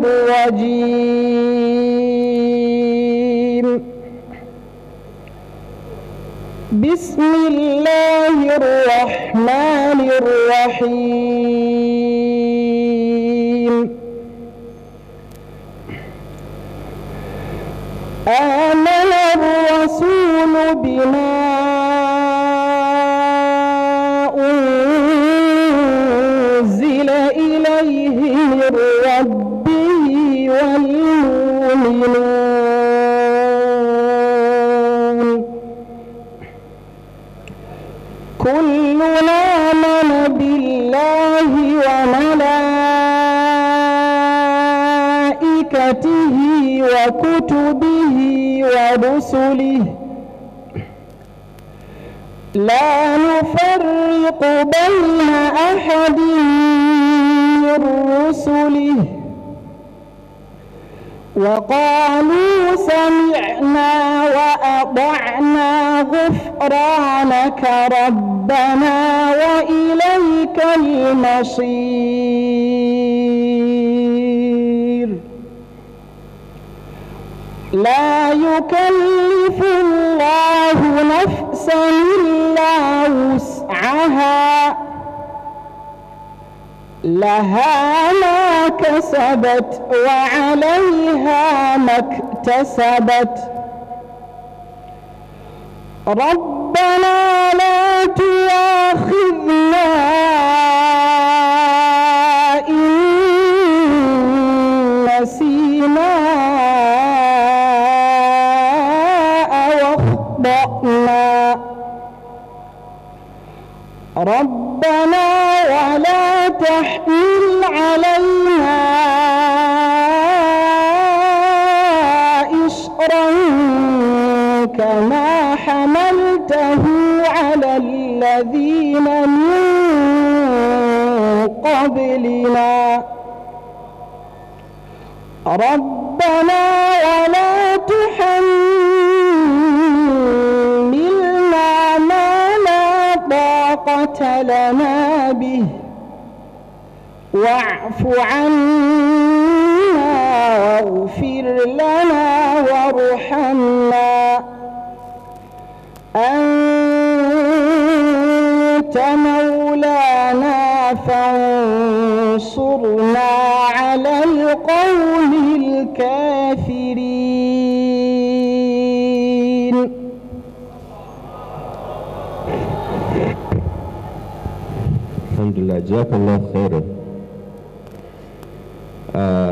الرجيم بسم الله الرحمن الرحيم آمن الرسول بما أنزل إليه من ربه والمؤمنون كلنا آمن بالله وملائكته وكتبه ورسله لا نفرق بين أحد وقالوا سمعنا وأطعنا غفرانك ربنا وإليك المصير لا يكلف الله نفسا إلا وسعها لها ما كسبت وعليها ما اكتسبت ربنا لا تزغ ربنا ولا تحمل علينا إصرا كما حملته على الذين من قبلنا ربنا ولا قتلنا لنا به واعف عنا واغفر لنا وارحمنا أنت مولانا فانصرنا على القوم الكافرين Alhamdulillah, jazakallah khairan. Uh,